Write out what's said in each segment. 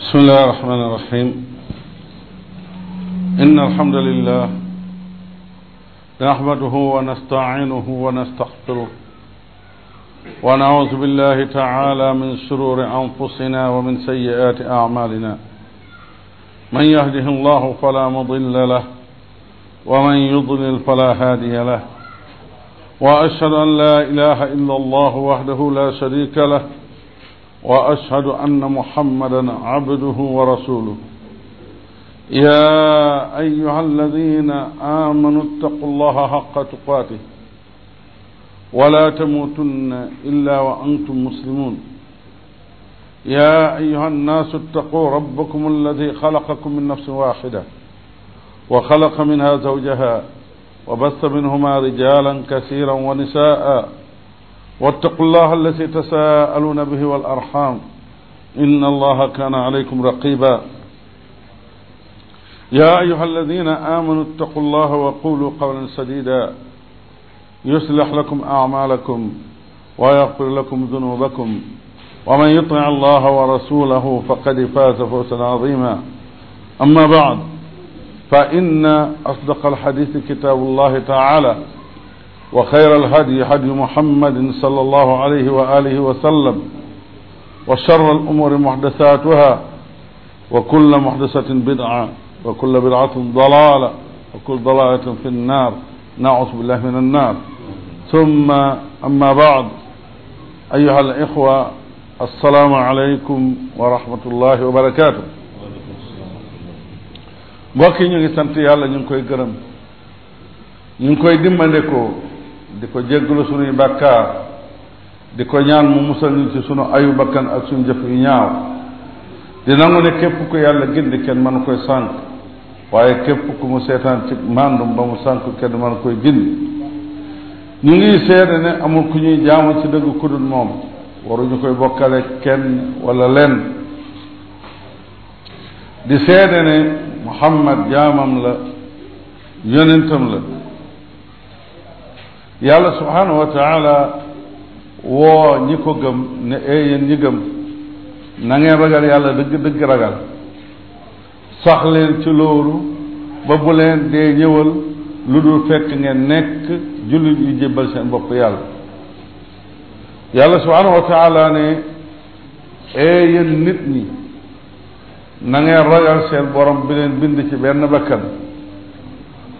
بسم الله الرحمن الرحيم إن الحمد لله نحمده ونستعينه ونستغفره ونعوذ بالله تعالى من شرور أنفسنا ومن سيئات أعمالنا من يهده الله فلا مضل له ومن يضلل فلا هادي له وأشهد أن لا إله إلا الله وحده لا شريك له وأشهد أن محمدا عبده ورسوله يا أيها الذين آمنوا اتقوا الله حق تقاته ولا تموتن إلا وأنتم مسلمون يا أيها الناس اتقوا ربكم الذي خلقكم من نفس واحدة وخلق منها زوجها وبث منهما رجالا كثيرا ونساء واتقوا الله الذي تساءلون به والأرحام إن الله كان عليكم رقيبا يا أيها الذين آمنوا اتقوا الله وقولوا قولا سديدا يصلح لكم أعمالكم ويغفر لكم ذنوبكم ومن يطع الله ورسوله فقد فاز فوزا عظيما أما بعد فإن أصدق الحديث كتاب الله تعالى وخير الهدي هدي محمد صلى الله عليه وآله وسلم وشر الأمور محدثاتها وكل محدثة بدعة وكل بدعة ضلالة وكل ضلالة في النار نعوذ بالله من النار ثم أما بعد أيها الإخوة السلام عليكم ورحمة الله وبركاته mbokk yi ñu ngi sant yàlla ñu ngi koy gërëm ñu ngi koy dimbandikoo di ko jéggalu sunuy bàkkaar di ko ñaan mu musal ñu ci sunu ayu bakkan ak suñu jëf yu ñaaw di nangu ne képp ku yàlla gindi kenn mën koy sànq waaye képp ku mu seetaan ci màndum ba mu sànq kenn mën koy gindi ñu ngi seede amul ku ñuy jaamu ci dëgg ku dul moom waruñu koy bokkale kenn wala lenn di seede ne Muhammad jaamam la yonentam la yàlla subhaanahu wa taala woo ñi ko gëm ne ee yéen ñi gëm na ngeen ragal yàlla dëgg dëgg ragal sax leen ci loolu ba bu leen dee ñëwal lu dul fekk ngeen nekk jullit yu jébbal seen bopp yàlla yàlla subhaanahu wa taala ne ee yéen nit ñi na ngeen ragal seen borom bi leen bind ci benn bakkan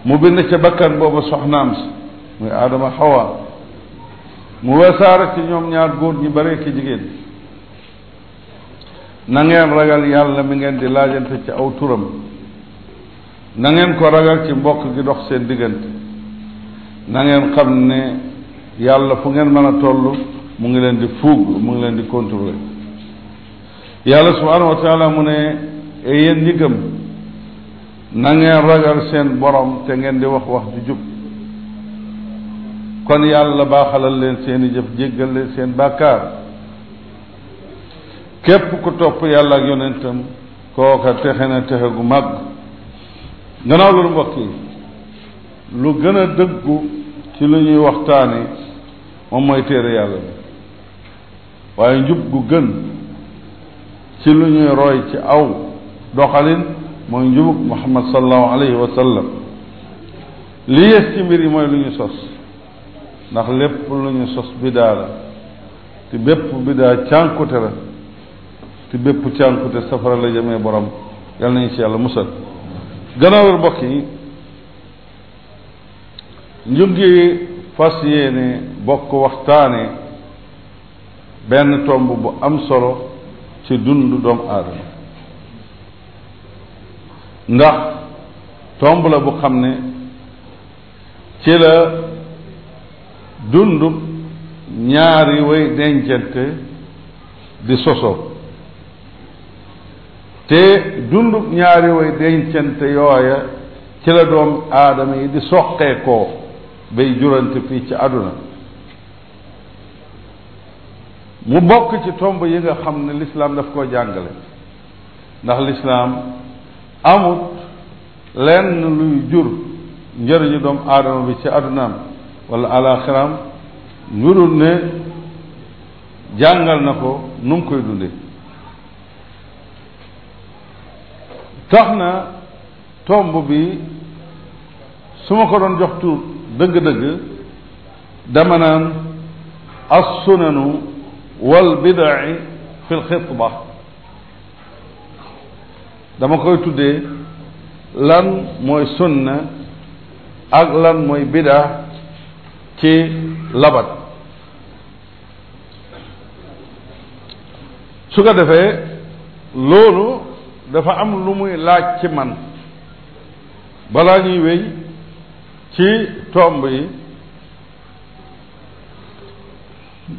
mu bind ci bakkan boobu soxnaam si muy aadama xawa mu wesaare ci ñoom ñaar góor ñi bare ki jigéen na ngeen ragal yàlla mi ngeen di laajante ci aw turam na ngeen ko ragal ci mbokk gi dox seen diggante nangeen xam ne yàlla fu ngeen mën a toll mu ngi leen di fuug mu ngi leen di contrôler yàlla subhanahu wa mu ne e yéen ñi gëm na ngeen ragal seen borom te ngeen di wax wax di jub kon yàlla baaxalal leen seeni jëf jéggal leen seen bàkkaar képp ku topp yàlla ak yonentam kooka texe na texe gu mag gannaaw loolu mbokk yi lu gën a dëggu ci lu ñuy waxtaani moom mooy téere yàlla bi waaye njub gu gën ci lu ñuy roy ci aw doxalin mooy njubug muhammad sallallahu alayhi wa sallam li yées ci mbir yi mooy lu ñuy sos ndax lépp lu ñu sos bidaa la te bépp bidaa cànkute la te bépp cànkute safara la jëmee borom yal nañu ci yàlla musal gannaaw mbokk yi ñu ngi fas yéene bokk waxtaane benn tomb bu am solo ci dund doomu aadama ndax tomb la bu xam ni ci la dundub ñaari way dencante di sosoo te dundub ñaari way dencante yooya ci la doom aadama yi di soqeekoo bay jurante fii ci àdduna mu bokk ci tomb yi nga xam ne lislaam daf koo jàngale ndax lislaam amut lenn luy jur njëriñu doom aadama bi ci àddunaam wala alaxiraam lu dul ne jàngal na ko nu mu koy dunde tax na tomb bi suma ko doon jox tu dëgg-dëgg dama naan assunanu wal bidai fi lxitba dama koy tuddee lan mooy sunna ak lan mooy bidaa ci labat su ko defee loolu dafa am lu muy laaj ci man balaa ñuy wéy ci tomb yi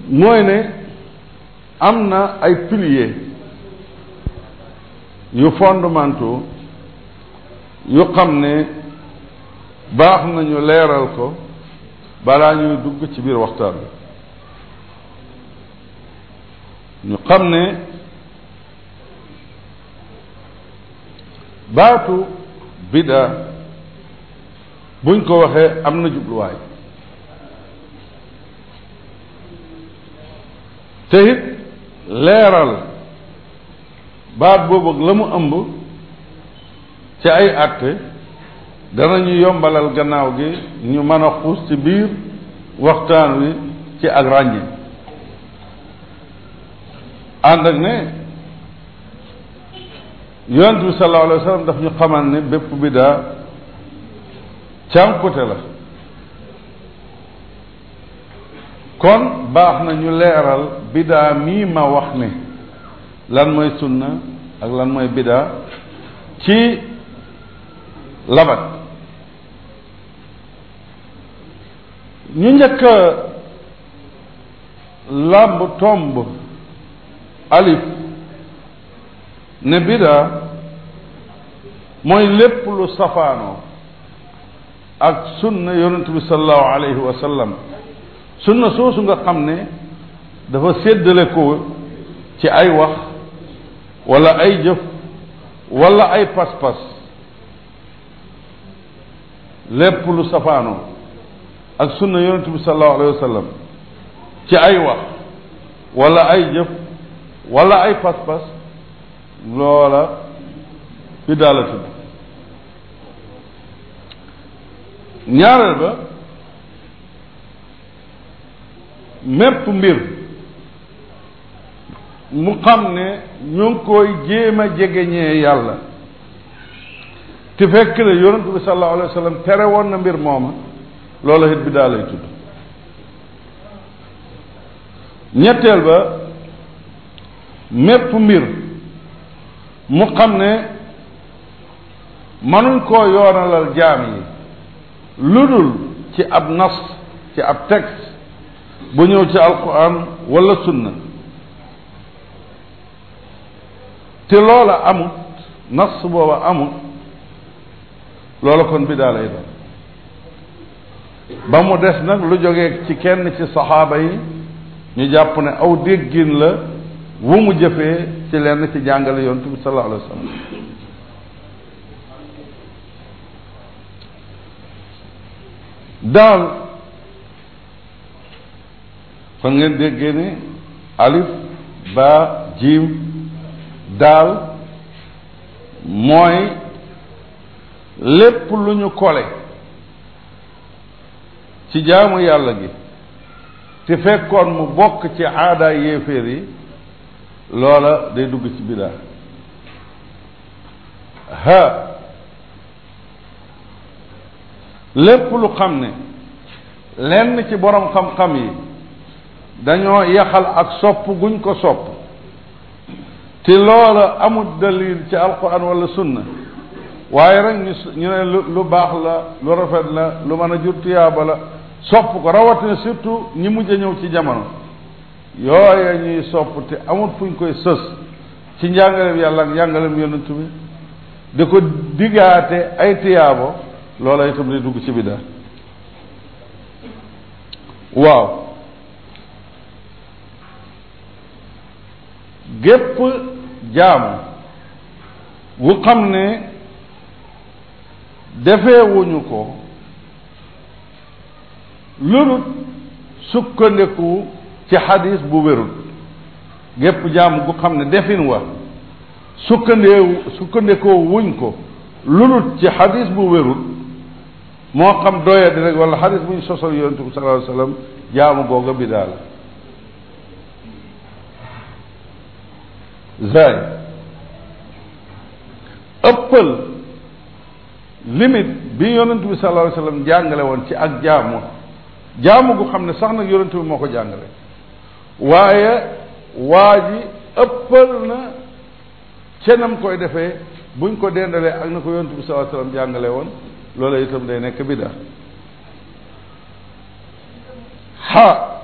mooy ne am na ay piliye yu fondamentaux yu xam ne baax nañu leeral ko balaa ñuy dugg ci biir waxtaan bi ñu xam ne baatu bida buñ ko waxee am na jubluwaay te leeral baat boobu la mu ëmb ci ay àtte danañu yombalal gannaaw gi ñu mën a xuus ci biir waxtaan wi ci ak ràññi ànd ak ne yonent bi sallallahu wa sallam daf ñu xamal ne bépp bidaa cànkute la kon baax na ñu leeral bidaa mii ma wax ne lan mooy sunna ak lan mooy bidaa ci labat ñu njëkk làmb tomb alif ne bidaa mooy lépp lu safaanoo ak sunna yonent bi salallahu alayhi wa sallam sunna soosu nga xam ne dafa séddale ko ci ay wax walla ay jëf wala ay pas-pas lépp lu safaanoo ak sunna yonente bi sallallahu alayhi wa ci ay wax walla ay jëf wala ay pas-pas loola biddaa la ñaareel ba mépp mbir mu xam ne ñu ngi koy jéem a jegeñee yàlla te fekk la yonent bi sallallahu alayhi wa tere woon na mbir mooma loola it biddaa lay tudd ñetteel ba mépp mbir mu xam ne mënuñ koo yoonalal jaam yi lu dul ci ab nas ci ab texte bu ñëw ci alquran wala sunna te loola amut nas booba amut loola kon biddaa lay doon ba mu des nag lu jógee ci kenn ci saxaaba yi ñu jàpp ne aw déggin la wu mu jëfee ci lenn ci jàngale yoon bi sallallahu alayhi wa daal fa ngeen déggee ni alif ba jiim daal mooy lépp lu ñu kole ci jaamu yàlla gi te fekkoon mu bokk ci aadaay yéeféer yi loola day dugg ci bidaa ha lépp lu xam ni lenn ci borom xam-xam yi dañoo yaxal ak sopp guñ ko sopp te loola amul dalil ci alquran walla sunna waaye rek ñu ñu ne lu baax la lu rafet la lu mën a jur tuyaaba la sopp ko rawatina surtout ñi mujj ñëw ci jamono yooya ñuy sopp te amul fu ñu koy sës ci njàngaleem yàlla ak njàngaleem yonent bi di ko diggaate ay tiyaabo loola itam di dugg ci biddaa waaw gépp jaamu bu xam ne defeewuñu ko lurut sukkandiku ci xadis bu wérul gépp jàmm gu xam ne defin wa sukkandeewu sukkandikoo wuñ ko lurut ci xadis bu wérul moo xam doya di rek wala xadis bu ñu sosal yonente bi sallallahu alayhi jaamu googa bi daal zaay ëppal limite bi yonente bi sallallahu alayhi wasallam jàngale woon ci ak jaamu jaamu gu xam ne sax nag yonent moo ko jàngale waaye waa ji ëppal na cenam koy defee buñ ko dendalee ak na ko yonent bi sallallahu alayhi wasallam jàngale woon loola itam day nekk bida ha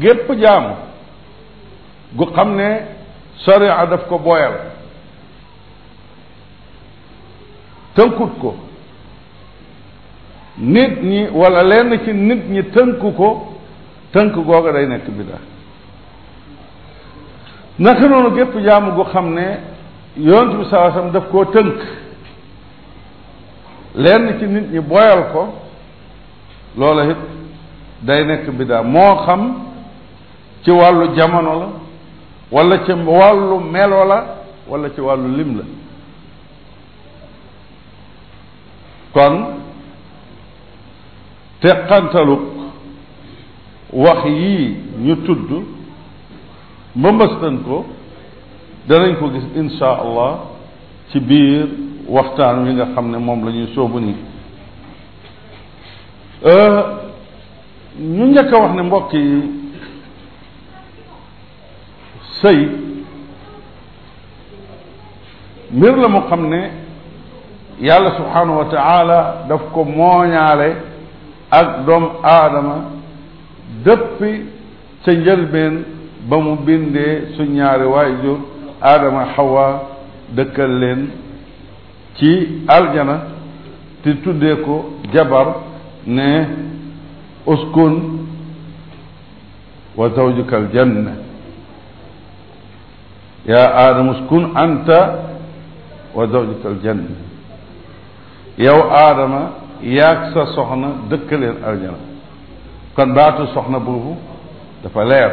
gépp jaamu gu xam ne sharia daf ko booyal tënkut ko nit ñi wala lenn ci nit ñi tënk ko tënk googa day nekk biddaa naka noonu gépp jàmm gu xam ne yoon bi saasam daf koo tënk lenn ci nit ñi boyal ko loola it day nekk biddaa moo xam ci wàllu jamono la wala ci wàllu melo la wala ci wàllu lim la kon teqantalug wax yii ñu tudd mbëmbës nañ ko danañ ko gis insha allah ci biir waxtaan wi nga xam ne moom la ñuy soobu nii euh, ñu njëkk a wax ne mbokk yi sëy mbir la mu xam ne yàlla subhanahu wa taala daf ko mooñaale ak doomu aadama dëppi ca njëlbeen ba mu bindee su ñaari waajur aadama xawa dëkkal leen ci aljana te tuddee ko jabar ne uskun wa zawjuka aljanna yaa aadama uskun anta wa zawjuka aljanna yow aadama yaag sa soxna dëkkaleen aljana kon baatu soxna boobu dafa leer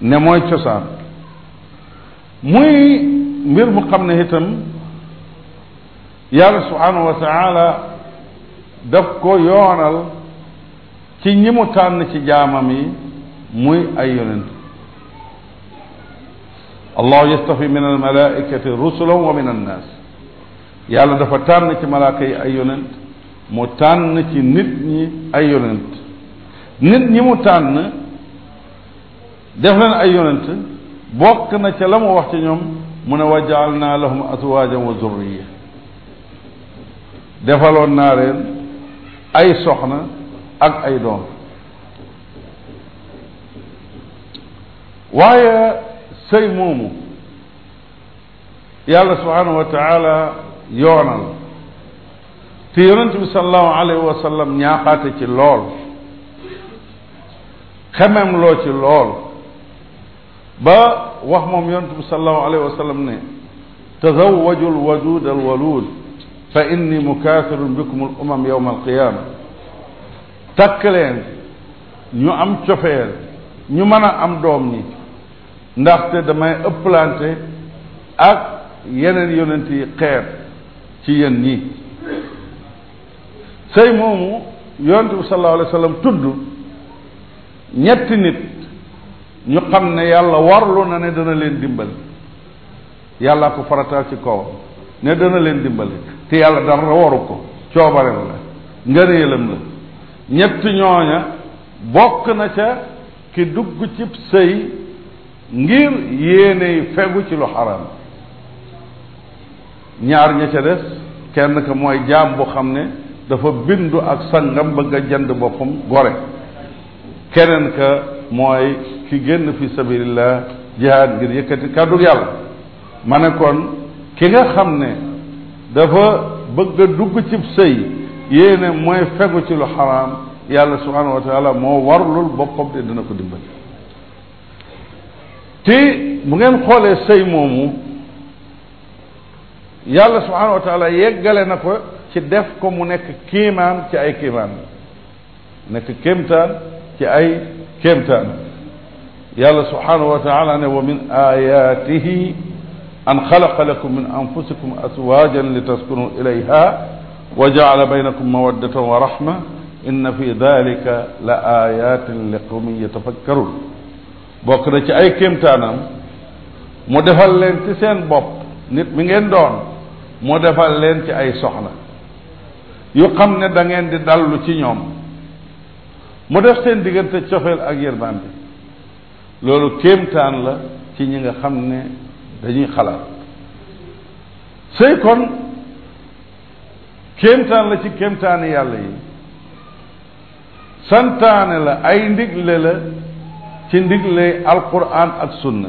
ne mooy cosaan muy mbir mu xam ne itam yàlla subhanahu wa taala daf ko yoonal ci ñi mu tànn ci jaamam yi muy ay yonent allahu yastafi min almalaikati rusulan wa min annas yàlla dafa tànn ci malaaka yi ay yonent mu tànn ci nit ñi ay yonent nit ñi mu tànn def leen ay yonent bokk na ca la mu wax ci ñoom mu ne wa jaalnaa lahum azwaajan wa zurriya defaloon naa leen ay soxna ak ay doom waaye sëy moomu yàlla subhaanahu wa taala yoonal te yonent bi sallallahu alayhi wa sallam ñaaxaate ci lool xemem loo ci lool ba wax moom yonent bi sallallahu alayhi wa sallam ne tazawwaju alwadud alwalud fa inni mukathirun bikum al umam yawma alqiyama takk leen ñu am cofeel ñu mën a am doom ñi ndaxte damay ëpplante ak yeneen yonent yi xeer ci yéen ñi sëy moomu yonent bi sallallahu alayhi wa tudd ñetti nit ñu xam ne yàlla warlu na ne dana leen dimbali yàllaa ko farataal ci kaw ne dana leen dimbali te yàlla dara waru ko coobare la ngëneelam la ñetti ñooña bokk na ca ki dugg cib sëy ngir yéeney fegu ci lu xaram ñaar ña ca des kenn ka mooy jaam bu xam ne dafa bindu ak sangam bëgg a jënd boppam gore keneen ka mooy ki génn fi sabilillah jihaad ngir yëkkati kàddu yàlla ma ne kon ki nga xam ne dafa bëgg a dugg cib sëy yéene mooy fegu ci lu xaraam yàlla subhanahu wa taala moo warlul boppam te dina ko dimbali te bu ngeen xoolee sëy moomu yàlla subhanahu wa yeggale na ko ci def ko mu nekk kiimaan ci ay kiimaan nekk kéemtaan ci ay kéemtaan yàlla subhanahu wa taala ne wa min ayatihi an xalaqa lakum min anfusikum aswajan li taskunu ilayha wa jaala baynakum mawaddatan wa rahma inna fi dalika la ayatin li qawmin yatafakkarun bokk na ci ay kéemtaanam mu defal leen ci seen bopp nit mi ngeen doon mu defal leen ci ay soxna yu xam ne da ngeen di dallu ci ñoom mu def seen diggante cofeel ak yërmande loolu kéemtaan la ci ñi nga xam ne dañuy xalaat sëy kon kéemtaan la ci kéemtaani yàlla yi santaane la ay ndigle la ci ndigle alquran ak sunna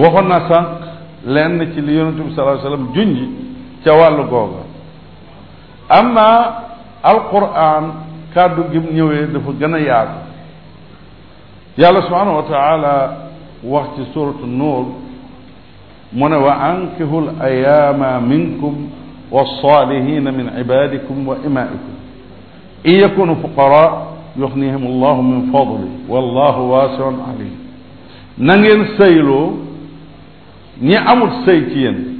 waxoon na sànq lenn ci li yonente bi sallallahu alayhi ca wàllu googa amma alquran kàddu gi ñëwee dafa gën a yaatu yàlla subhanahu wa taala wax ci suratu nuur mu ne wa ankihu l ayaama minkum والصالحين من عبادكم وإمائكم إن يكونوا فقراء يغنيهم الله من فضله والله واسع عليم na ngeen sëyloo ñi amul sëy ci yéen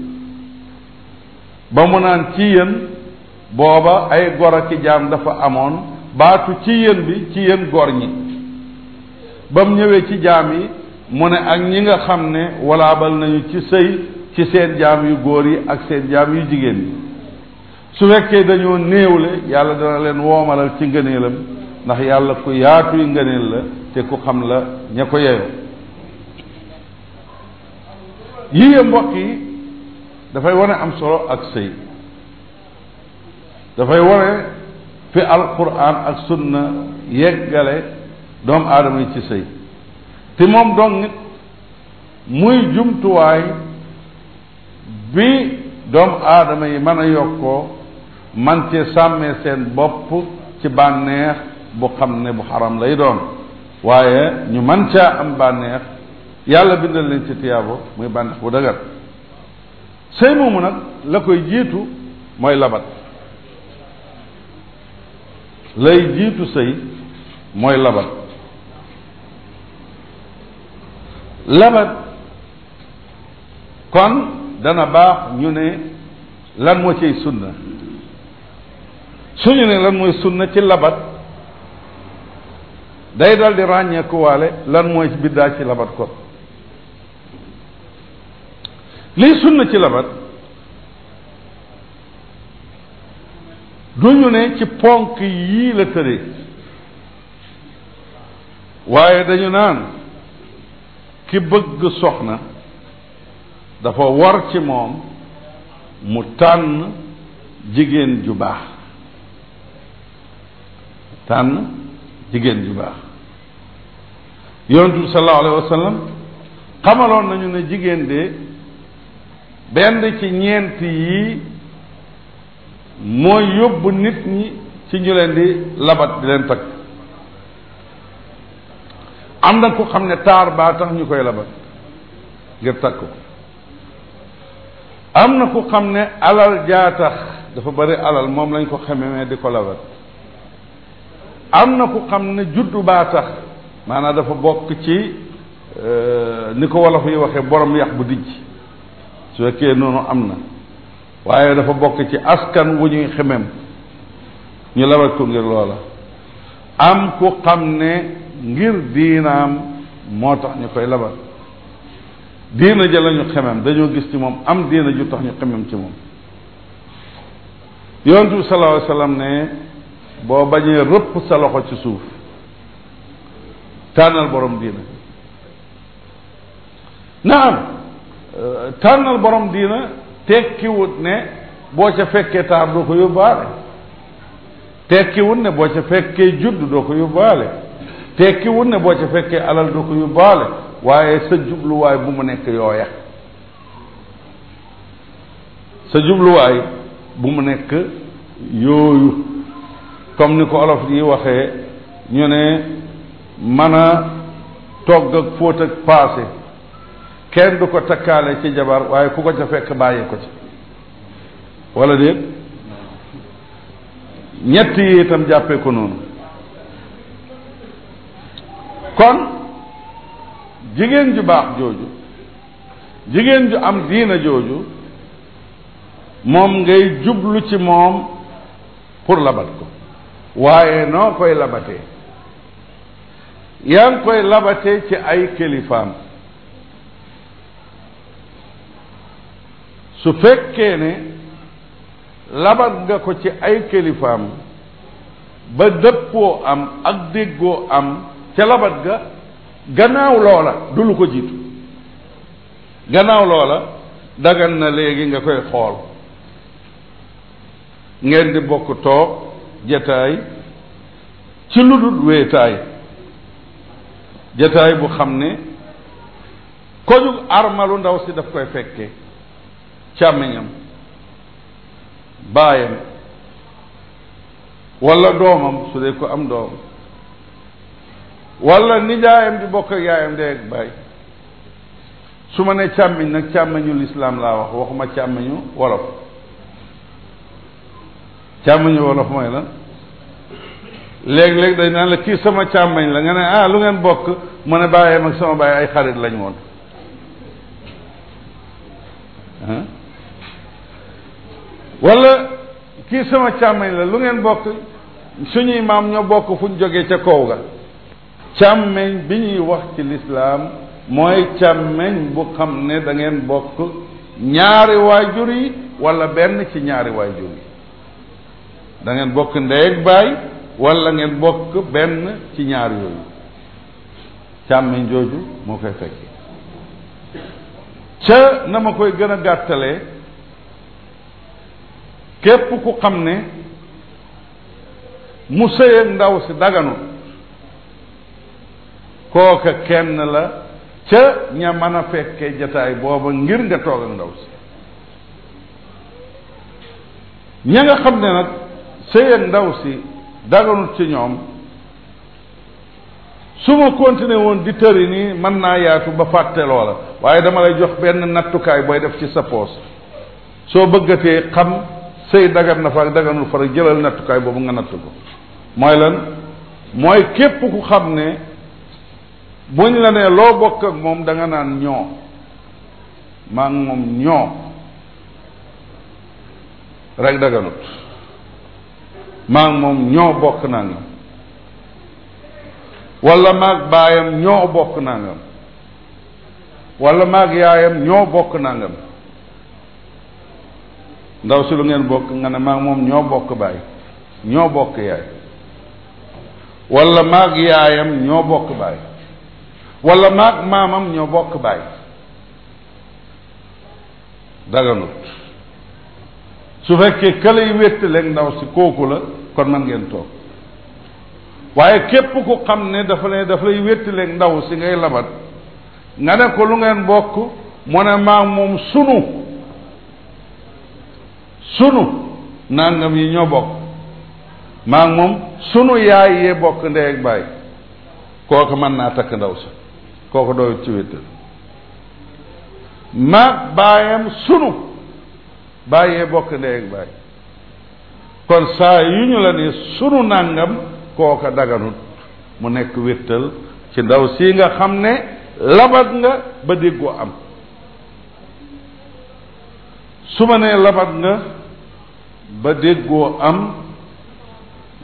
ba mu naan ci yéen booba ay gor ak jaam dafa amoon baatu ci yéen bi ci yéen gor ñi ba mu ñëwee ci jaam yi mu ne ak ñi nga xam ne walaabal nañu ci sëy ci seen jaam yu góor yi ak seen jaam yu jigéen yi su fekkee dañoo néewle yàlla dana leen woomalal ci ngëneelam ndax yàlla ku yaatuy ngëneel la te ku xam la ña ko yeyoo yii mbokk yi dafay wane am solo ak sëy dafay wane fi alquran ak sunna yeggale doomu aadama yi ci sëy te moom dong muy jumtuwaay bi doomu aadama yi mën a yokkoo man cee sàmmee seen bopp ci bànneex bu xam ne bu xaram lay doon waaye ñu man caa am bànneex yàlla bindal leen ci tiyaabo muy bànneex bu dëgër sëy moomu nag la koy jiitu mooy labat lay jiitu sëy mooy labat labat kon dana baax ñu ne lan moo ciy sunna suñu ne lan mooy sunna ci labat day dal di ràññeekuwaale lan mooy biddaa ci labat kon lii sunna ci labat du ñu ne ci ponk yii la tëre waaye dañu naan ki bëgg soxna dafa war ci moom mu tànn jigéen ju baax tànn jigéen ju baax yonent bi sallallahu alayhi xamaloon nañu ne jigéen de benn ci ñeent yi mooy yóbbu nit ñi ci ñu leen di labat di leen takk am na ku xam ne taar baa tax ñu koy labat ngir takk ko am na ku xam ne alal jaa tax dafa bari alal moom lañ ko xamee di ko labat am na ku xam ne juddu baa tax maanaam dafa bokk ci euh, ni ko wolof yi waxee borom yax bu dijj su fekkee noonu am na waaye dafa bokk ci askan wu ñuy xemem ñu lawat ko ngir loola am ku xam ne ngir diinaam moo tax ñu koy labat diina ja la ñu xemem dañoo gis ci moom am diina ju tax ñu xemem ci moom yonent bi sallallahu ne boo bañee rëpp sa loxo ci suuf tànnal borom diina naam tànnal borom diina tekkiwut ne boo ca fekkee taar doo ko yóbbaale tekkiwut ne boo ca fekkee judd doo ko yóbbaale tekkiwut ne boo ca fekkee alal doo ko yóbbaale waaye sa jubluwaay bu mu nekk yooya sa jubluwaay bu mu nekk yooyu comme ni ko olof yi waxee ñu ne mën a togg ak fóot ak paase kenn du ko takkaale ci jabar waaye ku ko ca fekk bàyyi ko ci walla déet ñett yi itam jàppee ko noonu kon jigéen ju baax jooju jigéen ju am diina jooju moom ngay jublu ci moom pour labat ko waaye noo koy labatee yaa ngi koy labatee ci ay kilifaam su fekkee ne labat nga ko ci ay kilifaam ba dëppoo am ak déggoo am ca labat ga gannaaw loola du lu ko jiitu gannaaw loola dagal na léegi nga koy xool ngeen di bokk toog jataay ci lu dul wéetaay jataay bu xam ne koju armalu ndaw si daf koy fekkee càmmiñam baayam wala doomam su dee ko am doom wala nijaayam di bokk ak yaayam dee ak baay su ma ne càmmiñ nag càmmiñu lislaam laa wax waxuma càmmiñu wolof càmmiñu wolof mooy la léeg-léeg dañ naan la kii sama càmmiñ la nga ne ah, lu ngeen bokk mu ne bàyyam ak sama bàyyi ay xarit lañ woon wala kii sama càmmañ la lu ngeen bokk suñuy maam ñoo bokk fu ñu jógee ca kaw ga càmmeñ bi ñuy wax ci lislaam mooy càmmeñ bu xam ne dangeen bokk ñaari waajur yi wala benn ci ñaari waajur yi da ngeen bokk ndey ak baay walla ngeen bokk benn ci ñaar yooyu càmmeñ jooju moo koy fekk ca na ma koy gën a gàttalee képp ku xam ne mu sëy ak ndaw si daganut kooka kenn la ca ña mën a fekkee jataay booba ngir nga toog ak ndaw si ña nga xam ne nag sëy ak ndaw si daganut ci ñoom su ma continué woon di tëri nii mën naa yaatu ba fàtte loola waaye dama lay jox benn nattukaay booy def ci sa poos soo bëggatee xam sëy dagat na fa ak daganul fa rek jëlal nattukaay boobu nga natt ko mooy lan mooy képp ku xam ne buñ la nee loo bokk ak moom danga naan ñoo maa ak moom ñoo rek daganut maa ak moom ñoo bokk nangam wala maag baayam ñoo bokk nangam wala maag yaayam ñoo bokk nangam ndaw si lu ngeen bokk nga ne maag moom ñoo bokk baay ñoo bokk yaay wala maag yaayam ñoo bokk baay walla maag maamam ñoo bokk baay daganut su fekkee ka lay wéttaleeg ndaw si kooku la kon man ngeen toog waaye képp ku xam ne dafa ne dafa lay wéttaleeg ndaw si ngay labat nga ne ko lu ngeen bokk mu ne maag moom sunu sunu nangam yi ñoo bokk maa moom sunu yaay yee bokk ndey ak baay kooku mën naa takk ndaw sa kooku doyut ci wéttal maag baayam sunu baay yee bokk ndey ak baay kon saa yu ñu la ne sunu nangam kooka daganut mu nekk wéttal ci ndaw si nga xam ne labat nga ba déggoo am su ma nee labat nga ba déggoo am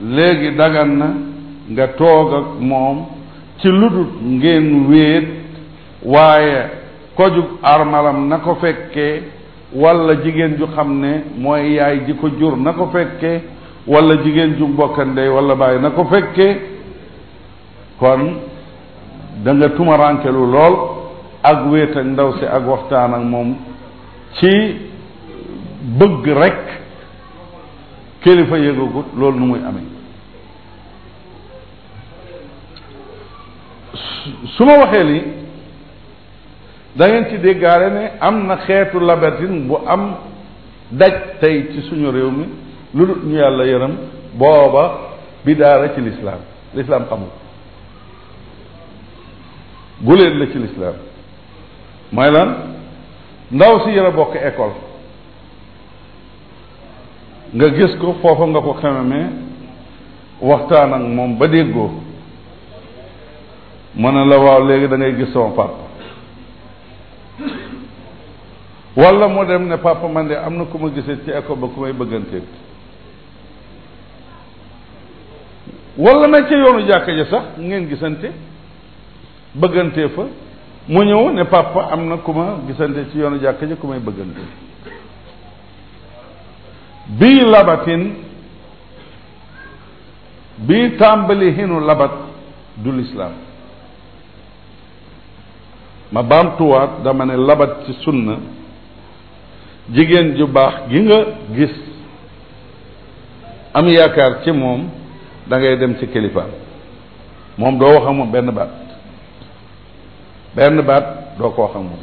léegi dagan na nga toog ak moom ci ludul ngeen wéet waaye kojug armalam na ko fekkee wala jigéen ju xam ne mooy yaay ji ko jur na ko fekkee wala jigéen ju mbokkandey walla bàyyi na ko fekkee kon da nga lool ak wéet ak ndaw si ak waxtaan ak moom ci bëgg rekk kilifa yëgagut loolu nu muy amee su ma waxee li dangeen ngeen ci déggaale ne am na xeetu labertine bu am daj tey ci suñu réew mi lu dul ñu yàlla yërëm booba bidaa la ci lislaam lislaam xamul guléet la ci lislaam mooy lan ndaw si yéen a bokk nga gis ko foofa nga ko xamee waxtaan ak moom ba déggoo mu na la waaw léegi da ngay gis sama wala mu dem ne papa man de am na ku ma gisee ci eko ba ku may bëgganteeg wala na ci yoonu jàkka ja sax ngeen gisante bëggantee fa mu ñëw ne papa am na ku ma gisante ci yoonu jàkka ja ku may bëggante bii labatin bii tàmbali hinu labat du lislaam ma baamtuwaat dama ne labat ci sunna jigéen ju baax gi nga gis am yaakaar ci moom da dem ci kilifaam moom doo wax benn baat benn baat doo ko wax ak moom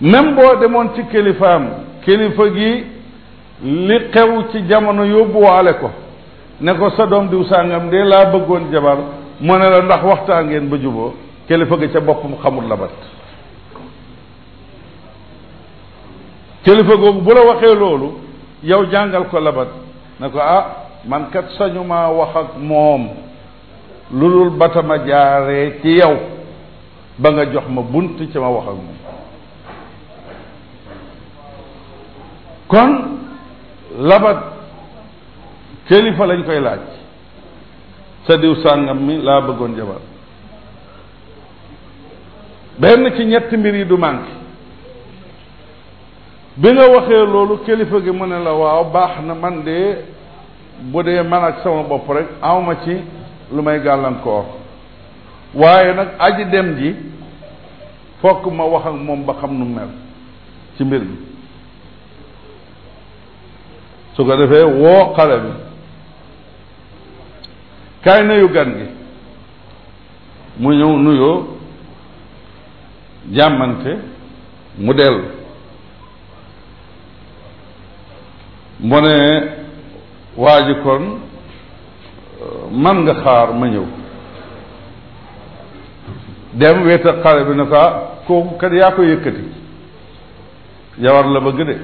même boo demoon ci kilifaam kilifa gi li xew ci jamono yóbbuwaale ko ne ko sa doom diw sàngam de laa bëggoon jabar mu ne la ndax waxtaan ngeen ba juboo kilifa ga ca boppam xamul labat kilifa googu bu la waxee loolu yow jàngal ko labat ne ko ah man kat sañuma wax ak moom lu dul batama jaaree ci yow ba nga jox ma bunt ci ma wax ak moom kon labat kilifa lañ koy laaj sa diw sàngam mi laa bëggoon jabar benn ci ñetti mbir yi du manqué bi nga waxee loolu kilifa gi mu ne la waaw baax na man de bu dee man ak sama bopp rek awma ci lu may gàllankoor waaye nag aji dem ji fokk ma wax ak moom ba xam nu mel ci mbir mi su ko defee woo xale bi kaay nuyu gan gi mu ñëw nuyoo jàmmante mu dellu mu ne waa kon euh, man nga xaar ma ñëw dem wéet ak xale bi ne ko ah, kooku kat yaa ko yëkkati jawar la bëgg de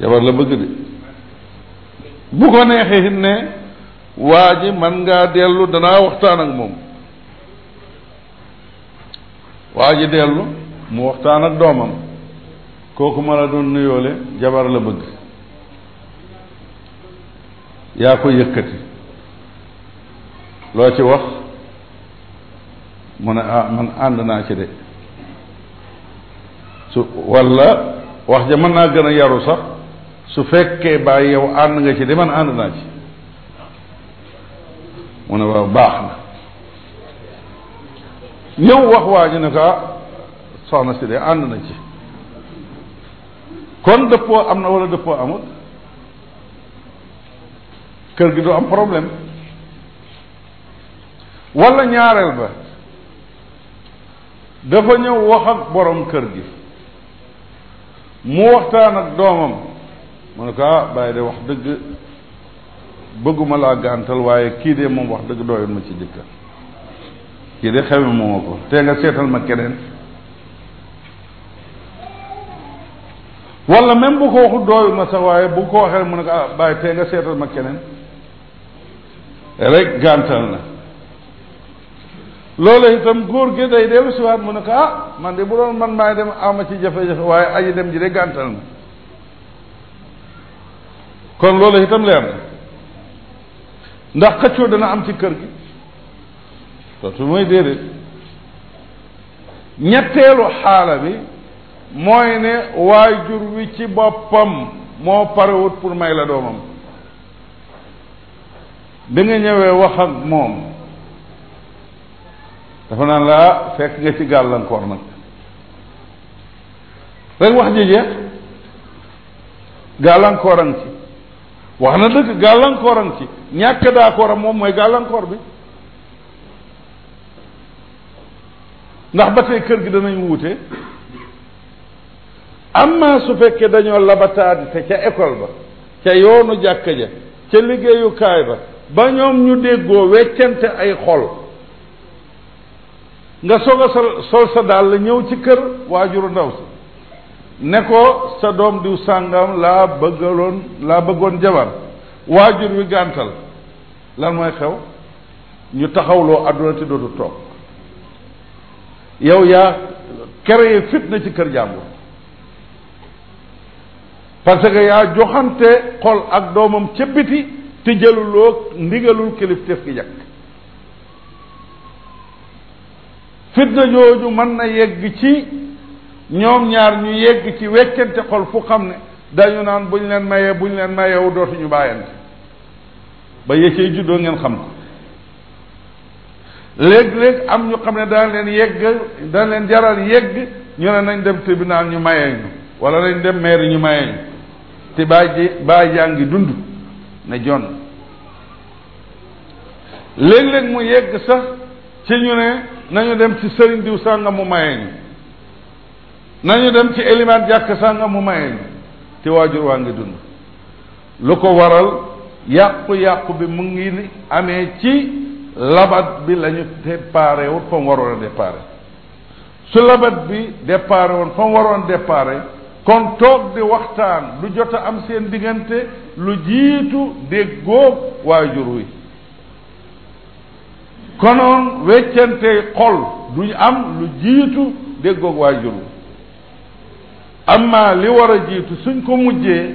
jabar la bëgg de bu ko neexee it ne waa ji man ngaa dellu danaa waxtaan ak moom waa ji dellu mu waxtaan ak doomam kooku ma la doon nuyoole jabar la bëgg yaa ko yëkkati loo ci wax mu ne ah man ànd naa ci de su walla wax ja mën naa gën a yaru sax su fekkee bàyyi yow ànd nga ci di man ànd naa ci mu ne waaw baax na ñëw wax waa ji ne ko ah, soxna si de ànd na ci kon dëppoo am na wala dëppoo amul kër gi du am problème wala ñaareel ba dafa ñëw wax borom kër gi mu waxtaan doomam mu ne ko ah bàyyi de wax dëgg bëgguma laa gàntal waaye kii de moom wax dëgg doyoon ma ci jëkkër kii de xewi mooma ko te nga seetal ma keneen wala même bu ko waxu dooyu ma sax waaye bu ko waxee mu ne ko ah, nga seetal ma keneen rek gàntal na loolu itam góor gi day dellu siwaat mu ne ko ah man de bu doon man maay dem ama ci jafe-jafe waaye aji dem ji de gàntal na kon loolu itam leer na ndax xëccoo dana am ci kër gi tontu mooy déedéet ñetteelu xaala bi mooy ne waajur wi ci boppam moo parewut pour may la doomam bi nga ñëwee wax ak moom dafa naan laa fekk nga ci gàllankoor nag rek wax ji jeex gàllankooran ci wax na dëgg gàllankooram ci ñàkk daakooram moom mooy gàllankoor bi ndax ba tey kër gi danañ wuute amma su fekkee dañoo labataadi te ca école ba ca yoonu jàkk ja ca liggéeyukaay ba ba ñoom ñu déggoo weccante ay xol nga soog a sol sol sa daal ñëw ci kër waajuru ndaw si ne ko sa doom diw sàngam laa bëggaloon laa bëggoon jabar waajur wi gàntal lan mooy xew ñu taxawloo àdduna te dootu toog yow yaa créé fitna ci kër jàmbur parce que yaa joxante xol ak doomam ca te jëluloo ndigalul kilifteef gi jàkk fitna jooju mën na yegg ci ñoom ñaar ñu yegg ci wekkente xol fu xam ne dañu naan bu ñu leen mayee bu ñu leen mayeewu dootuñu bàyyante ba yëccee juddoo ngeen xam ko léeg-léeg am ñu xam ne daan leen yegg daan leen jaral yegg ñu ne nañ dem tribunal ñu mayee ñu wala nañ dem maire ñu mayee ñu te baay ji baay jaa dund ne jonn léeg-léeg mu yegg sax ci ñu ne nañu dem ci sëriñ diw sàngam mu mayee ñu nañu dem ci élimaan jàkk sànga mu maye ñu te waajur waa ngi dund lu ko waral yàqu-yàqu bi mu ngi amee ci labat bi lañu déparé woon fa mu waroon a déparé su labat bi déparé woon fa mu waroon déparé kon toog di waxtaan lu jot a am seen diggante lu jiitu déggoo waajur wi konoon weccante xol duñ am lu jiitu déggoog waajur wi amma li war a jiitu suñ ko mujjee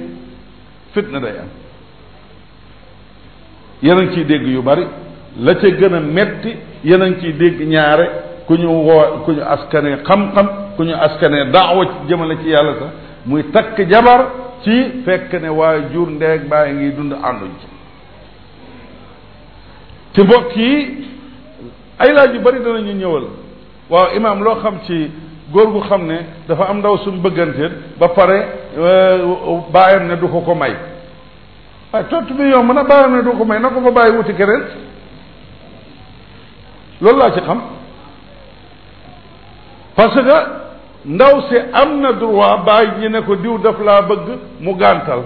fitna day am yéen ciy dégg yu bari la ca gën a metti yéen a ciy dégg ñaare ku ñu woo ku ñu askanee xam-xam ku ñu askanee daawa jëmale ci yàlla sax muy takk jabar ci fekk ne waaye jur ndeeg bàyyi ngi dund ànduñ ci te mbokk yi ay laaj yu bari danañu ñëwal waaw imaam loo xam ci góor gu xam ne dafa am ndaw suñ bëgganteel ba pare euh, baayam ne du ko ko may waaye tott bi yomb na baayam ne du ko may na ko fa bàyyi wuti keneen loolu laa ci xam parce que ndaw si am na droit bàyyi ñi ne ko diw daf laa bëgg mu gàntal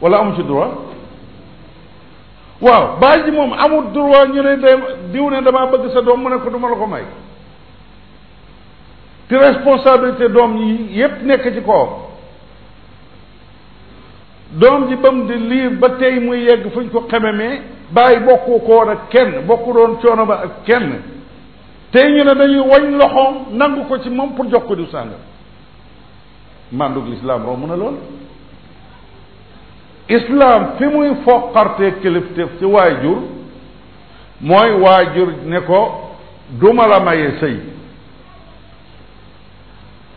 wala amu ci droit waaw bàyyi ji moom amul droit ñu ne day diw ne damaa bëgg sa doom mu ne ko duma la ko may te responsabilité doom yi yépp nekk ci koo doom ji ba mu di liir ba tey muy yegg fu ñu ko xememee bàyyi bokku ko woon ak kenn bokku doon coono ba ak kenn tey ñu ne dañuy wañ loxoom nangu ko ci moom pour jox ko diw sàngam màndug lislaam romb na lool islaam fi muy foqartee kilifteef ci waajur mooy waajur ne ko duma la maye sëy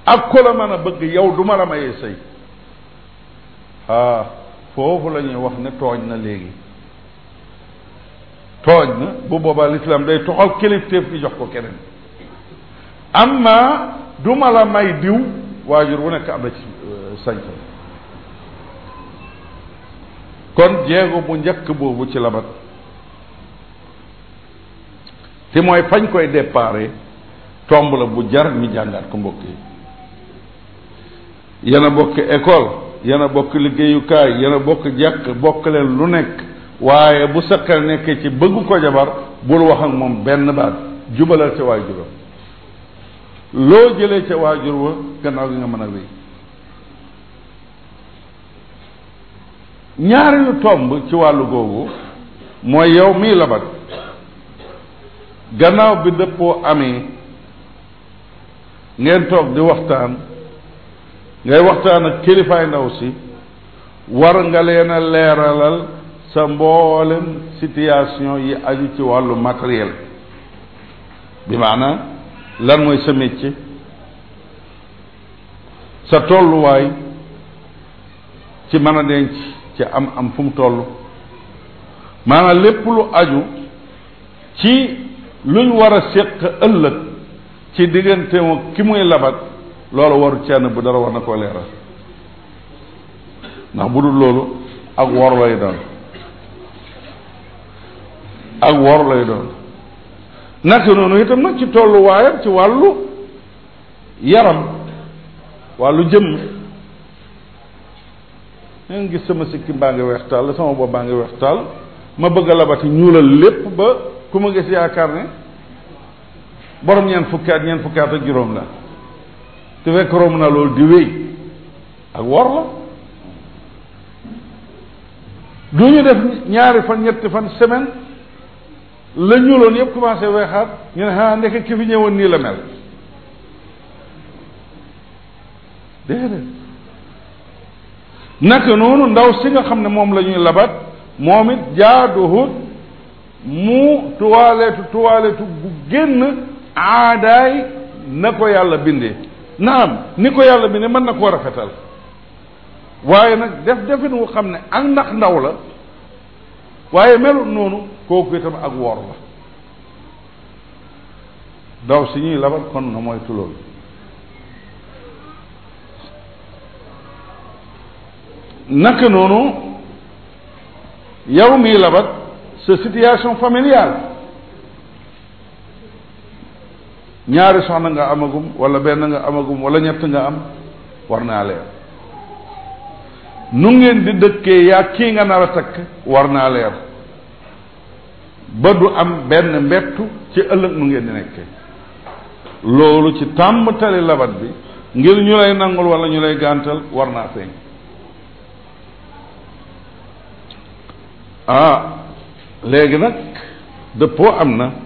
ak ku la mën a bëgg yow du ma la mayee sëy ah foofu la ñuy wax ne tooñ na léegi tooñ na bu boobaa lislaam day toxal kilifteef bi jox ko keneen amma du ma la may diw waajur wu nekk am na euh, sañ-sañ kon jéego bu njëkk boobu ci labat te mooy fañ koy déparé tomb la bu jar ñu jàngaat ko mbokk yi yéen a bokk école yéen a liggéeyukaay yéen bokk jàkk bokk leen lu nekk waaye bu sa xel nekkee ci bëggu ko jabar bul wax ak moom benn baat jubalal ca waajuram loo jëlee ca waajur wa gannaaw gi nga mën a wéy ñaareelu tomb ci wàll googu mooy yow mii labat gannaaw bi dëppoo amee ngeen toog di waxtaan ngay waxtaan ak kilifaay ndaw si war nga leen leeralal sa mboolem situation yi aju ci wàllu matériel bi maanaam lan mooy sa métier sa tolluwaay ci mën a denc ci am am fu mu toll maanaam lépp lu aju ci luñ war a séq ëllëg ci digganteem ki muy labat loolu waru cenn bu dara war na koo leeral ndax bu dul loolu ak wor lay doon ak wor lay doon naka noonu itam nag ci tolluwaayam ci wàllu yaram wàllu jëmm da nga gis sama sikkim baa ngi weex tàll sama bopp baa ngi weex tàll ma bëgg labati ñuulal lépp ba ku ma gis yaakaar ne boroom ñeent fukkaat ñeent fukkaat ak juróom la su fekk romb na loolu di wéy ak wor la du ñu def ñaari fan ñetti fan semaine la ñuuloon yëpp commencé weexaat ñu ne ah ndeke ki fi ñëwoon nii la mel déedéet naka noonu ndaw si nga xam ne moom lañuy labat moom it jaaduhut mu tuwaaleetu tuwaaleetu bu génn aadaay na ko yàlla bindee naam ni ko yàlla bi ne mën na koo rafetal waaye nag def defin wu xam ne ak ndax ndaw la waaye melut noonu kooku itam ak woor la daw si ñuy labat kon na mooy tulool naka noonu yow miy labat sa situation familiale ñaari soxna nga amagum walla benn nga amagum wala ñett nga am war naa leer nu ngeen di dëkkee yaa kii nga nar takk war naa leer ba du am benn mbettu ci ëllëg nu ngeen di nekkee loolu ci tàmbali labat bi ngir ñu lay nangul wala ñu lay gàntal war naa feeñ ah léegi nag dëppoo am na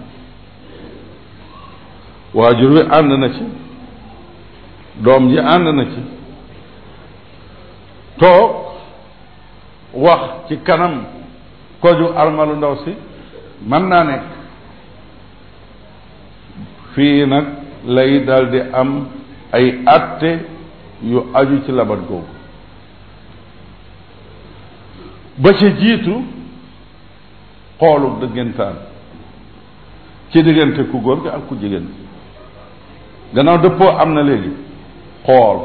waajur wi ànd na ci doom ji ànd na ci toog wax ci kanam koju almalu ndaw si mën naa nekk fii nag lay daldi am ay àtte yu aju ci labat googu ba ci jiitu xoolu dëggantaan ci diggante ku góor gi ak ku jigéen gannaaw dëppoo am na léegi xool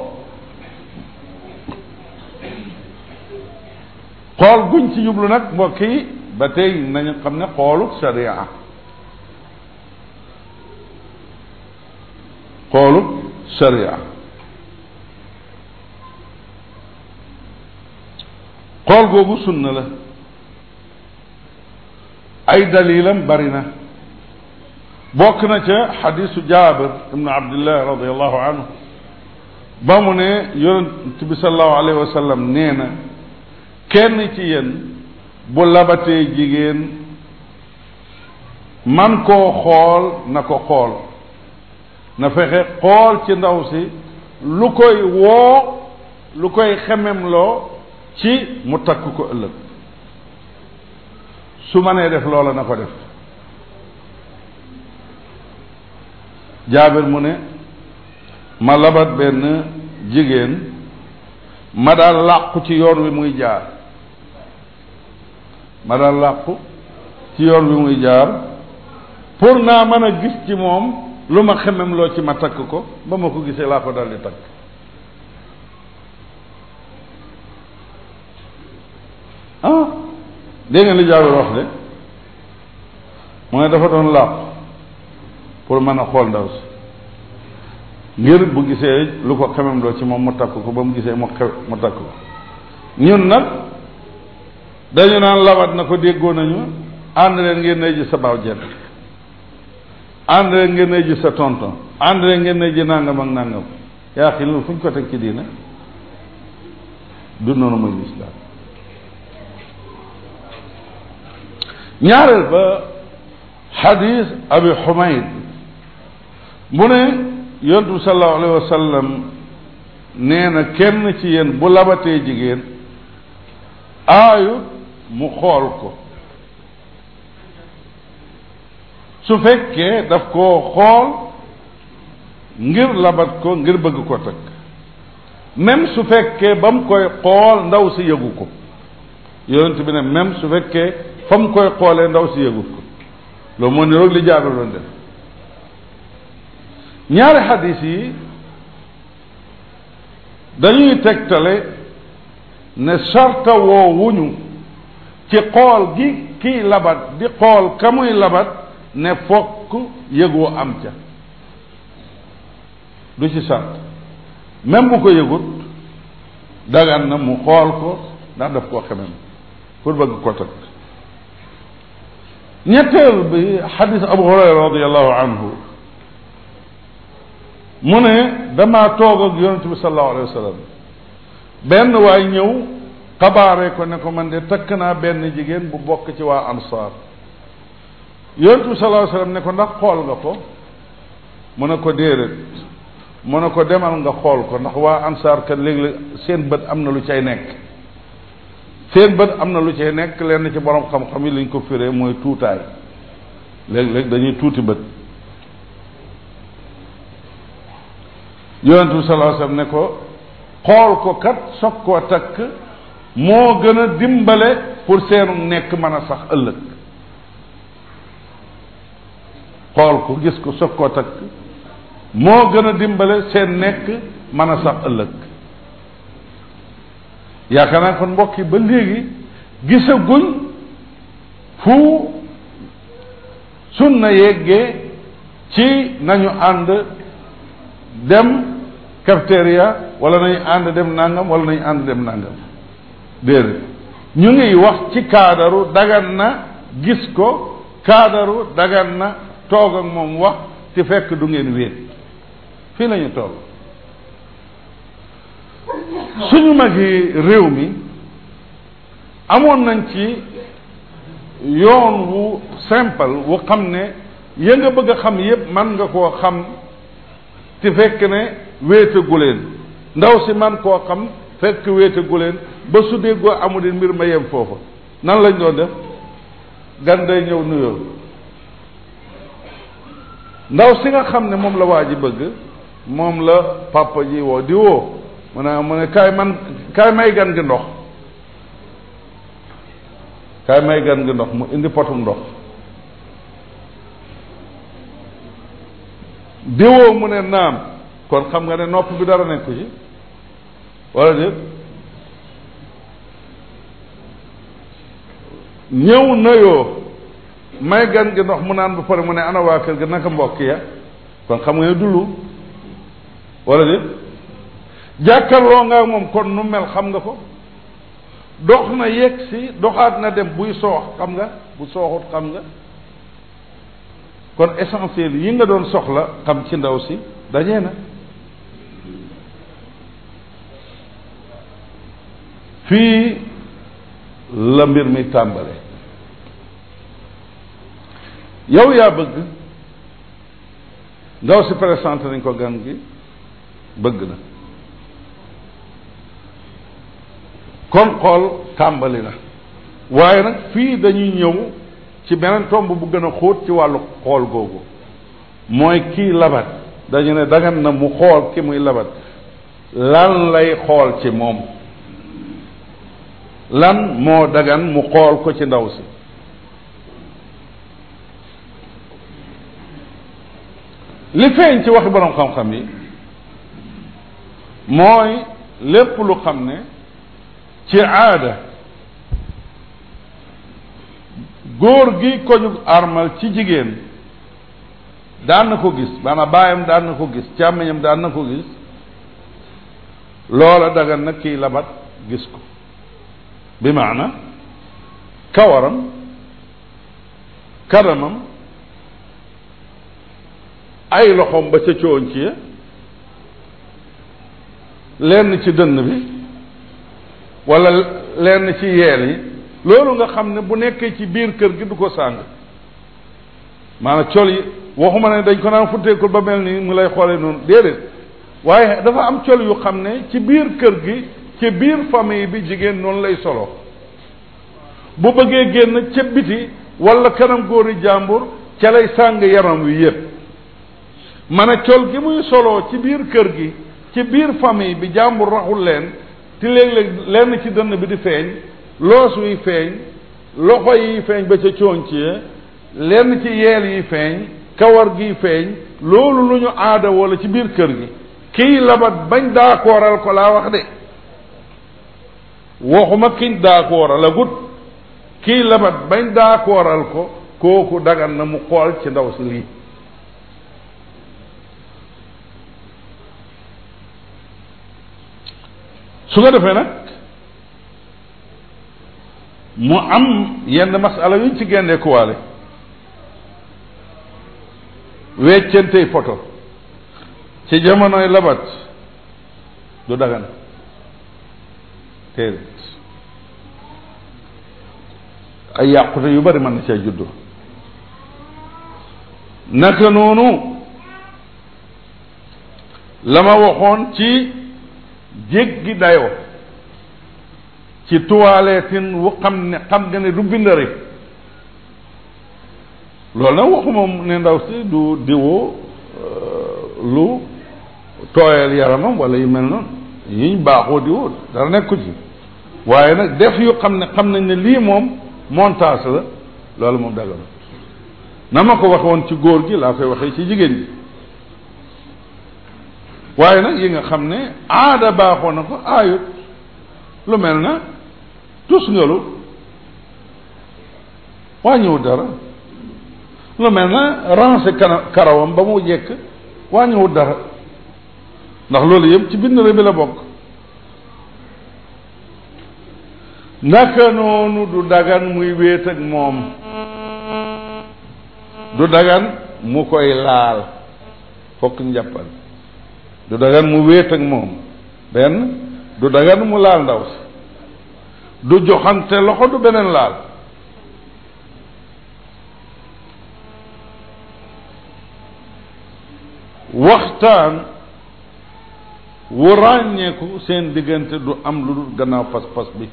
xool guñ ci yublu nag mbokk yi ba tey nañu xam ne xoolu sharia xoolu sharia xool googu sunna la ay dalilam bari na bokk na ca xadisu jaabir ibnu abdillah radiallahu anhu ba mu ne yonent bi salallahu alayhi wa sallam nee na kenn ci yéen bu labatee jigéen man koo xool na ko xool na fexe xool ci ndaw si lu koy woo lu koy xememloo ci mu takk ko ëllëg su ma nee def loola na ko def jaabir mu ne ma labat benn jigéen ma daal làqu ci yoon wi muy jaar ma daal yoon wi muy jaar pour naa mën a gis ci moom lu ma xemem loo ci ma takk ko ba ma ko gisee laa ko daal di takk ah dégg nga li jaabir wax de mu ne dafa doon làqu pour mën a xool ndaw si ngir bu gisee lu ko xemem loo ci moom mu takk ko ba mu gisee mu xew mu takk ko ñun nag dañu naan labat na ko déggoo nañu ànd leen ngeen nay ji sa baaw jenn ànd leen ngeen nay ji sa tonton ànd ngeen nay ji nàngam ak nàngam yaa xil loolu fu ñu ko teg ci diine du noonu muy lislaam ñaareel ba xadiis abi xumayd mu ne yonent bi sallallahu alayhi nee na kenn ci yéen bu labatee jigéen aayut mu xool ko su fekkee daf koo xool ngir labat ko ngir bëgg ko takk même su fekkee ba mu koy xool ndaw si yëgu ko yonent bi ne même su fekkee fa mu koy xoolee ndaw si yëgu ko loolu moo ne roog li jaabir doon def ñaari xadis yi dañuy tegtale ne sarta wuñu ci xool gi kiy labat di xool ka muy labat ne fokk yëgoo am ca du ci sart même bu ko yëgut dagan na mu xool ko ndax daf koo xemem pour bëgg ko tëgg ñetteel bi xadis abu hurayra radiallahu anhu mu ne damaa toog ak yonent bi sallallahu alayhi wa sallam benn waay ñëw xabaare ko ne ko man de takk naa benn jigéen bu bokk ci waa ansaar yonent bi sallallahu alayhi wa ne ko ndax xool nga ko mu ne ko déedéet mu ne ko demal nga xool ko ndax waa ansaar kat léeg-léeg seen bët am na lu cay nekk seen bët am na lu cay nekk lenn ci borom xam-xam yi lañ ko firee mooy tuutaay léegi léeg dañuy tuuti bët yonent bi sallallahu alayhi wasallam ne ko xool ko kat soog koo takk moo gën a dimbale pour seenum nekk mën a sax ëllëg xool ko gis ko soog koo takk moo gën a dimbale seen nekk mën a sax ëllëg yaakaar naa kon mbokk ba léegi gisaguñ fu sunna yeggee ci nañu ànd dem cafétéria wala nañ ànd dem nangam wala nañ ànd dem nangam déedéet ñu ngi wax ci kaadaru dagan na gis ko kaadaru dagan na toog moom wax te fekk du ngeen wéet fii la toll suñu mag yi réew mi amoon nañ ci yoon wu simple wu xam ne ya nga bëgg a xam yépp man nga koo xam te fekk ne wéetagu leen ndaw si man koo xam fekk wéetagu leen ba su déggoo amul mbir ma yem foofa nan lañ doon def gan day ñëw nuyoo ndaw si nga xam ne moom la waa ji bëgg moom la papa ji diwoo di mu ne kaay man kaay may gan gi ndox kaay may gan gi ndox mu indi potum ndox di mu ne naam kon xam nga ne nopp bi dara nekku ci walla déet ñëw nayoo may gan gi ndox mu naan ba pare mu ne ana kër gi naka mbokk ya kon xam nga ne dullu wala déet jàkkarloo nga moom kon nu mel xam nga ko dox na yegg si doxaat na dem buy soox xam nga bu sooxut xam nga kon essentiel yi nga doon soxla xam ci ndaw si dañee na fii la mbir mi tàmbale yow yaa bëgg ndaw si présenté nañ ko gan gi bëgg na kon xool tàmbali na waaye nag fii dañuy ñëw ci beneen tomb bu gën a xóot ci wàllu xool googu mooy kii labat dañu ne dagan na mu xool ki muy labat lan lay xool ci moom lan moo dagan mu xool ko ci ndaw si li feeñ ci waxi boroom xam-xam yi mooy lépp lu xam ne ci aada góor gi koñu armal ci jigéen daan na ko gis maanaam baayam daan na ko gis càmmiñam daan na ko gis loola dagan na kii labat gis ko bi maana kawaram kanamam ay loxoom ba ca cooñ ci ya lenn ci dënn bi wala lenn ci yeel yi loolu nga xam ne bu nekkee ci biir kër gi du ko sàng maanaam col yi waxuma ne dañ ko naan futteekul ba mel nii mu lay xoole noonu déedéet waaye dafa am col yu xam ne ci biir kër gi ci biir famille bi jigéen noonu lay solo bu bëggee génn ca biti wala kanam góori jàmbur ca lay sàng yaram wi yépp man a col gi muy soloo ci biir kër gi ci biir famille bi jàmbur raxul leen te léeg-léeg lenn ci dënn bi di feeñ loos wi feeñ loxo yi feeñ ba ca cooñ ci lenn ci yeel yi feeñ kawar gi feeñ loolu lu ñu aada wala ci biir kër gi kii labat bañ daakooral ko laa wax de waxuma kiñ daakooral agut kii labat bañ daakooral ko kooku dagan na mu xool ci ndaw si lii su nga defee nag mu am yenn masala yuñ ci génnee kuwaale weccentey photo ci jamonoy labat du dagan déedéet ay yàqute yu bari mën na cee juddu naka noonu la ma waxoon ci jéggi dayoo ci tuwaaleetin wu xam ne xam nga ne du bindari loolu nag waxuma ne ndaw si du diwoo euh, lu tooyal yaramam walla yu mel noonu yiñ baaxoo diwoo dara nekku ci waaye nag def yu xam ne xam nañ ne lii moom montage la loolu moom daganut na ma ko waxoon ci góor gi laa koy waxee ci jigéen ji waaye nag yi nga xam ne aada baaxoon na ko aayut lu mel na tus ngalu wàññiwul dara lu mel na rancé kana karawam ba mu jekk wàññiwul dara ndax loolu yëpp ci bind bi la bokk naka noonu du dagan muy wéet ak moom du dagan mu koy laal fokk njàppal du dagan mu wéet ak moom benn du dagan mu laal ndaw si du joxante loxo du beneen laal waxtaan wu seen diggante du am lu dul gannaaw pas-pas bi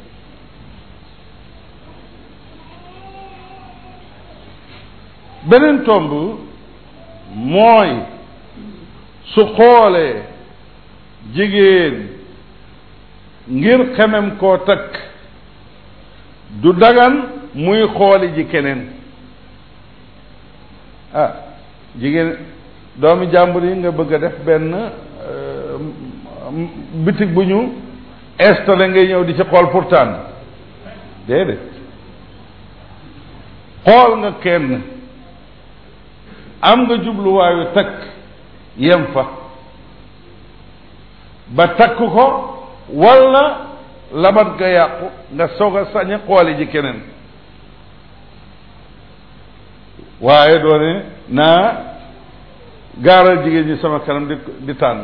beneen tomb mooy su xoolee jigéen ngir xemem koo takk du dagan muy xooli ji keneen ah jigéen doomi jàmbur yi nga bëgg a def benn euh, bitig bu ñu installé ngay ñëw di ci xool pour tànn déedéet xool nga kenn am nga jubluwaayu takk yem fa ba takk ko wala labat nga yàqu nga soog a sañ xooli ji keneen waaye doone naa gaaral jigéen ñi sama kanam di di tànn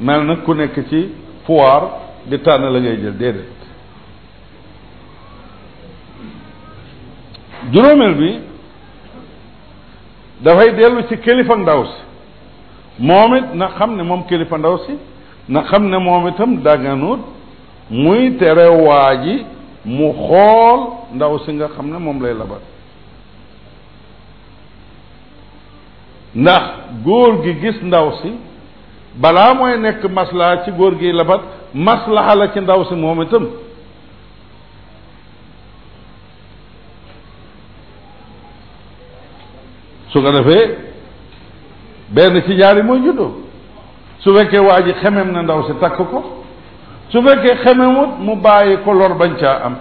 mel na ku nekk ci foire di tànn la ngay jël déedéet juróomeel bi dafay dellu ci kilifa ndaw si moom it na xam ne moom kilifa ndaw si na xam ne moom itam daganut muy tere waa ji mu xool ndaw si nga xam ne moom lay labat ndax góor gi gis ndaw si balaa mooy nekk maslaha ci góor gi labat maslaha la ci ndaw si moom itam su ko defee benn ci ñaari mooy juddoo su fekkee waa ji xemem na ndaw si takk ko su fekkee xememut mu bàyyi ko lor bañ caa am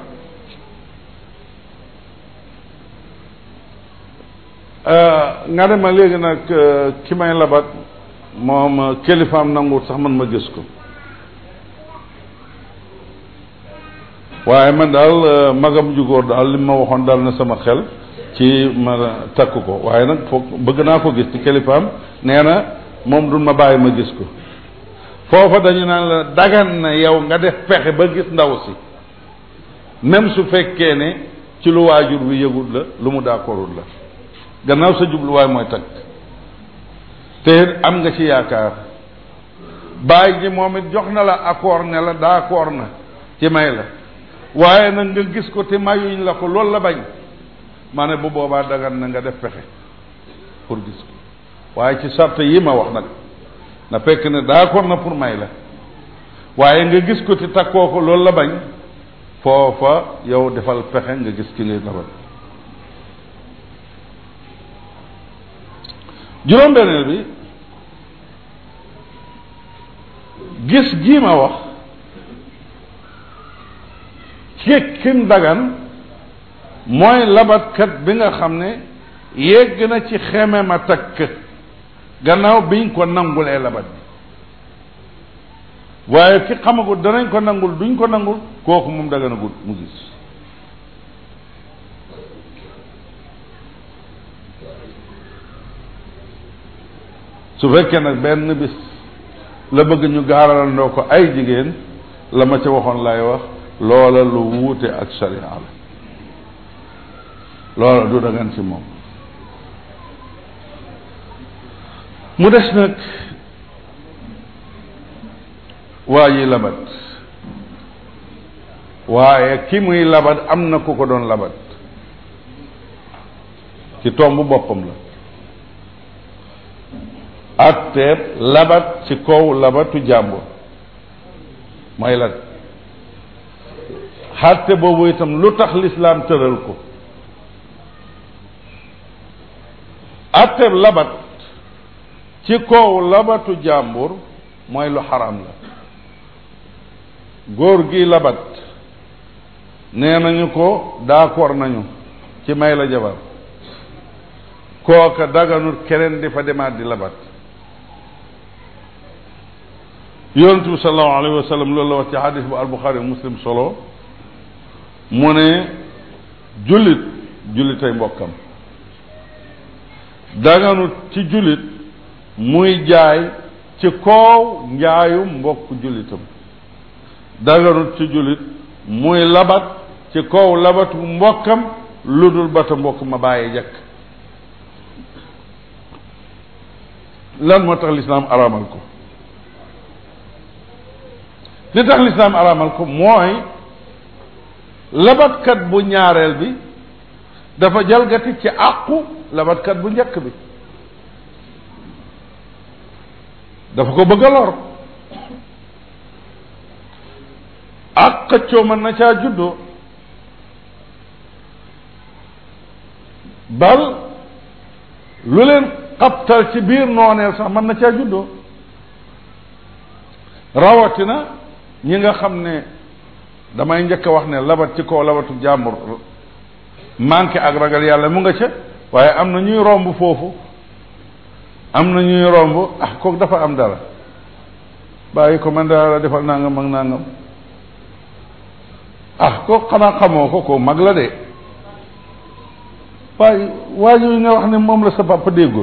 euh, nga ne ma léegi nag euh, ki may labat moom euh, kilifaam nangu sax man ma gis ko waaye man daal magam ju daal li ma waxoon daal na sama xel ci ma takk ko waaye nag foog bëgg naa ko gis ci kilifaam nee na moom du ma bàyyi ma gis ko foofa dañu naan la dagan na yow nga def pexe ba gis ndaw si même su fekkee ne ci lu waajur wi yëgul la lu mu d'accordul la gannaaw sa jubluwaay mooy takk te am nga ci yaakaar bàyyi ji moom it jox na la accord ne la d'accord na ci may la waaye nag nga gis ko te mayuñ la ko loolu la bañ ma bu boobaa dagan na nga def pexe pour gis ko waaye ci sart yi ma wax nag na fekk ne d'accord na pour may la waaye nga gis ko te takkoo ko loolu la bañ foofa yow defal pexe nga gis ki ngay labal juróom-benneel bi gis gii ma wax ci kin dagan mooy labatkat bi nga xam ne yegg na ci xeme ma takk gannaaw biñ ko nangulee labat bi waaye ki xamagul danañ ko nangul duñ ko nangul kooku moom daganagul mu gis su fekkee nag benn bis la bëgg ñu gaaralandoo ko ay jigéen la ma ca waxoon lay wax loola lu wuute ak sharia loola du dagan ci moom mu des nag waa ji labat waaye ki muy labat am na ku ko doon labat ci tomb boppam la atteeb labat ci kaw labatu jàmbur mooy lan xatte boobu itam lu tax lislaam tëral ko atteb labat ci kaw labatu jàmbur mooy lu xaram la góor gi labat nee nañu ko d'accord nañu ci may la jabar kooka daganut keneen di fa demaat di labat yonent bi sallallahu wa sallam loolu la wax ci xadis bu albuxaari muslim solo mu ne jullit jullitay mbokkam daganut ci jullit muy jaay ci koow njaayu mbokk jullitam daganut ci jullit muy labat ci koow labatu mbokkam lu dul bata mbokk ma bàyyi jekk lan moo tax lislaam araamal ko li tax lislaam araamal ko mooy labatkat bu ñaareel bi dafa jalgati ci àqu labatkat bu njëkk bi dafa ko bëgg a lor ak xëccoo mën na caa juddoo bal lu leen xabtal ci biir nooneel sax mën na caa juddoo rawatina ñi nga xam ne damay njëkk a wax ne labat ci kaw labatu jàmbur manqué ak ragal yàlla mu nga ca waaye am na ñuy romb foofu am na ñuy romb ah kook dafa am dara bàyyi ko man dara defal nangam ak nangam ah kook xanaa xamoo ko ko mag la de waaye waajur yu nga wax ne moom la sa papa déggul